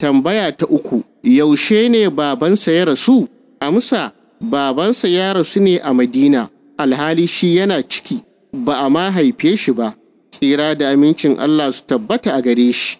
Tambaya ta uku, yaushe ne babansa ya rasu? Amsa, babansa ya rasu ne a Madina, alhali shi yana ciki, ba a ma haife shi ba, tsira da amincin Allah su tabbata a gare shi.